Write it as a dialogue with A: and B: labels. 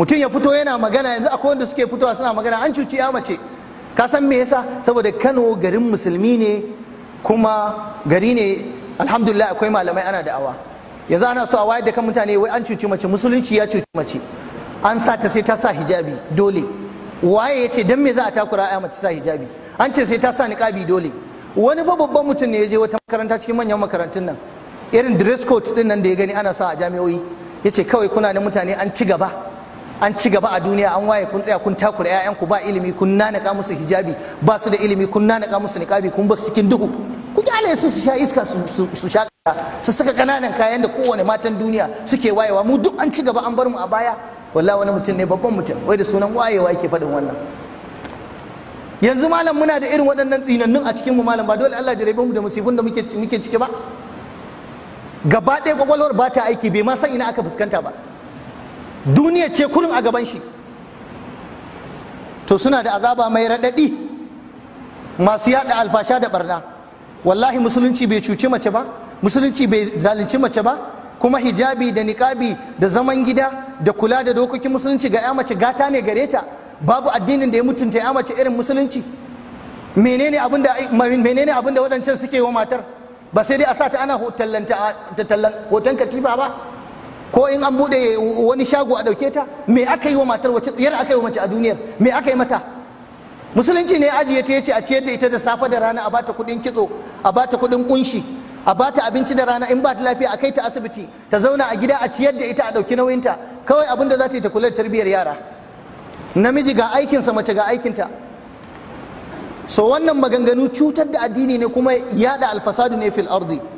A: mutum ya fito yana magana yanzu akwai wanda suke fitowa suna magana an cuci ya mace ka san me yasa saboda Kano garin musulmi ne kuma gari ne alhamdulillah akwai malamai ana da'awa yanzu ana so a wayar da kan mutane wai an cuci mace musulunci ya cuci mace an sa ta sai ta sa hijabi dole waye ya ce dan me za a takura ya mace sa hijabi an ce sai ta sa niqabi dole wani ba babban mutum ne ya je wata makaranta cikin manyan makarantun nan irin dress code din nan da ya gani ana sa a Ya ce kawai kuna ne mutane an ci gaba an ci gaba a duniya an waye kun tsaya kun takura ƴaƴanku ba ilimi kun nanaka musu hijabi ba su da ilimi kun nanaka musu niqabi kun ba su cikin duhu ku kyale su su sha iska su sha su saka kananan kayan da kowane matan duniya suke wayewa mu duk an ci gaba an bar mu a baya wallahi wani mutum ne babban mutum wai da sunan wayewa yake faɗin wannan yanzu malam muna da irin waɗannan tsinannun a cikin mu malam ba dole Allah jarebe mu da musibin da muke muke ciki ba gaba ɗaya kwakwalwar ba ta aiki bai ma san ina aka fuskanta ba duniya ce kurin a gaban shi to suna da azaba mai raɗaɗi masu yaɗa alfasha da barna wallahi musulunci bai cuci mace ba musulunci bai zalunci mace ba kuma hijabi da niƙabi da zaman gida da kula da dokokin musulunci ga 'ya mace gata ne gare ta babu addinin da ya mutunta 'ya mace irin musulunci menene abin da waɗancan suke wa matar ba sai dai a sa ta ana hoton katifa ba ko in an bude wani shago a dauke ta me aka yi wa matar wace tsiyar aka yi wa mace a duniyar me aka yi mata musulunci ne ajiye ta yace a ciyar da ita da safe da rana a bata kudin kitso a bata kudin kunshi a bata abinci da rana in ba ta lafiya a kai ta asibiti ta zauna a gida a ciyar da ita a dauki nauyin ta. kawai abin da za ta yi ta kula da tarbiyyar yara namiji ga aikinsa mace ga aikin ta. so wannan maganganu cutar da addini ne kuma yada alfasadu ne fil ardi